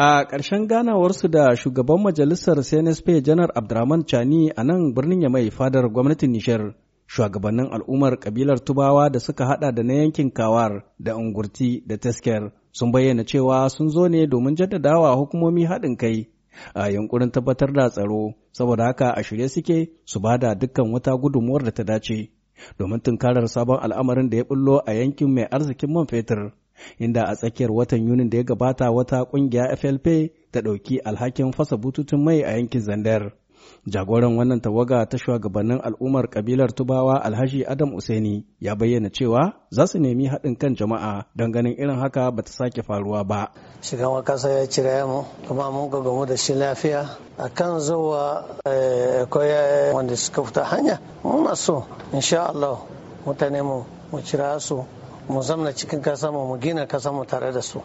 A ƙarshen ganawarsu da shugaban majalisar CNSP Janar Abdurrahman Chani a nan birnin ya mai fadar gwamnatin Nishar, shugabannin al'ummar kabilar Tubawa da suka haɗa da na yankin Kawar da Ungurti da Tesker sun bayyana cewa sun zo ne domin jaddadawa hukumomi haɗin kai a yankunan tabbatar da tsaro saboda haka a shirye suke su ba da dukkan wata gudunmuwar da ta dace domin tunkarar sabon al'amarin da ya bullo a yankin mai arzikin man fetur inda a tsakiyar watan Yunin da ya gabata wata kungiya FLP ta ɗauki alhakin fasa bututun mai a yankin Zandar. Jagoran wannan tawaga ta shugabannin al'ummar kabilar Tubawa Alhaji Adam Useni ya bayyana cewa za su nemi haɗin kan jama'a don ganin irin haka ba ta sake faruwa ba. shiga kasa ya cire mu kuma mun gagamu da shi lafiya a kan zuwa eh, koya eh, wanda suka fita hanya muna so insha Allah mutane mu cira su mu zamna cikin kasa mu gina kasa mu tare da su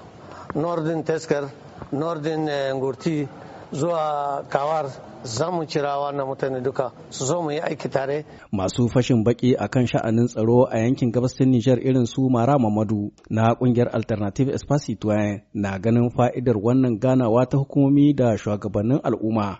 nordin teskar nordin eh, ngurti zuwa kawar zamu mu kira wannan mutane duka su zo mu yi aiki tare. Masu fashin baki a kan sha'anin tsaro a yankin gabasin Nijar irin su Mara Mamadu na kungiyar Alternative Espacito na ganin fa'idar wannan ganawa ta hukumomi da shugabannin al'umma.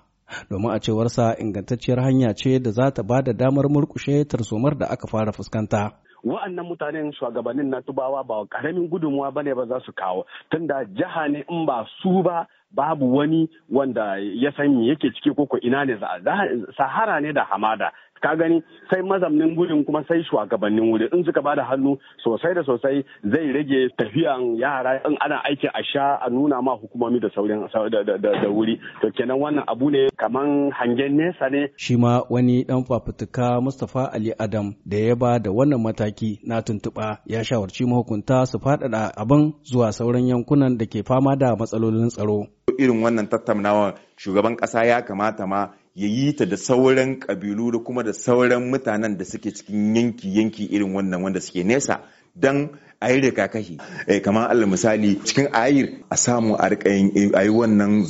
Domin a cewarsa ingantacciyar hanya ce da za ta ba da damar murkushe tarzomar da aka fara fuskanta. wa'annan mutanen shugabannin na tubawa ba karamin gudunmuwa bane ba za su kawo tunda jiha ne in ba su ba babu wani wanda ya san me yake ciki ko ina ne sahara ne da hamada ka gani sai mazamnin gudun kuma sai shugabannin wuri in suka bada hannu sosai da sosai zai rage tafiyan yara in ana aikin a sha a nuna ma hukumomi da saurin da wuri to kenan wannan abu ne kaman hangen nesa ne shi ma wani dan fafutuka mustafa Ali Adam da ya ba da wannan mataki na tuntuɓa ya shawarci mahukunta su faɗaɗa abin zuwa sauran yankunan da ke fama da matsalolin tsaro irin wannan tattaunawar shugaban ƙasa ya kamata ma ya yi ta da sauran ƙabilu da kuma da sauran mutanen da suke cikin yanki-yanki irin wannan wanda suke nesa don a yi rikakahi eh, kamar allah misali cikin ayir a samu a ayi wannan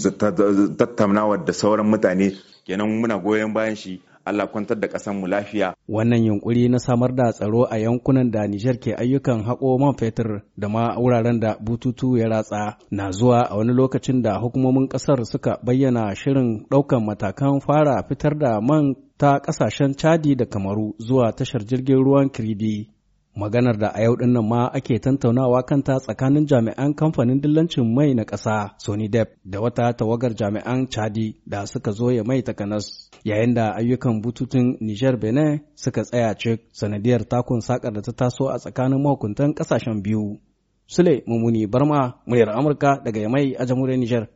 tattaunawar da sauran mutane kenan muna goyon bayan shi Allah kwantar da ƙasar mu lafiya. Wannan yunkuri na samar da tsaro a yankunan da Nijar ke ayyukan haƙo man fetur da ma wuraren da bututu ya ratsa na zuwa a wani lokacin da hukumomin ƙasar suka bayyana shirin ɗaukan matakan fara fitar da man ta ƙasashen Chadi da Kamaru zuwa tashar jirgin ruwan Kiribi. maganar da a yau din nan ma ake tantaunawa kanta tsakanin jami'an kamfanin dillancin mai na ƙasa Sony Dep da wata tawagar jami'an Chadi da suka zo ya mai takanas yayin da ayyukan bututun Niger Benin suka tsaya ce, sanadiyar takun sakar da ta taso a tsakanin mahukuntan ƙasashen biyu. Sule Mumuni Barma, muryar Amurka daga mai a jamhuriyar Niger.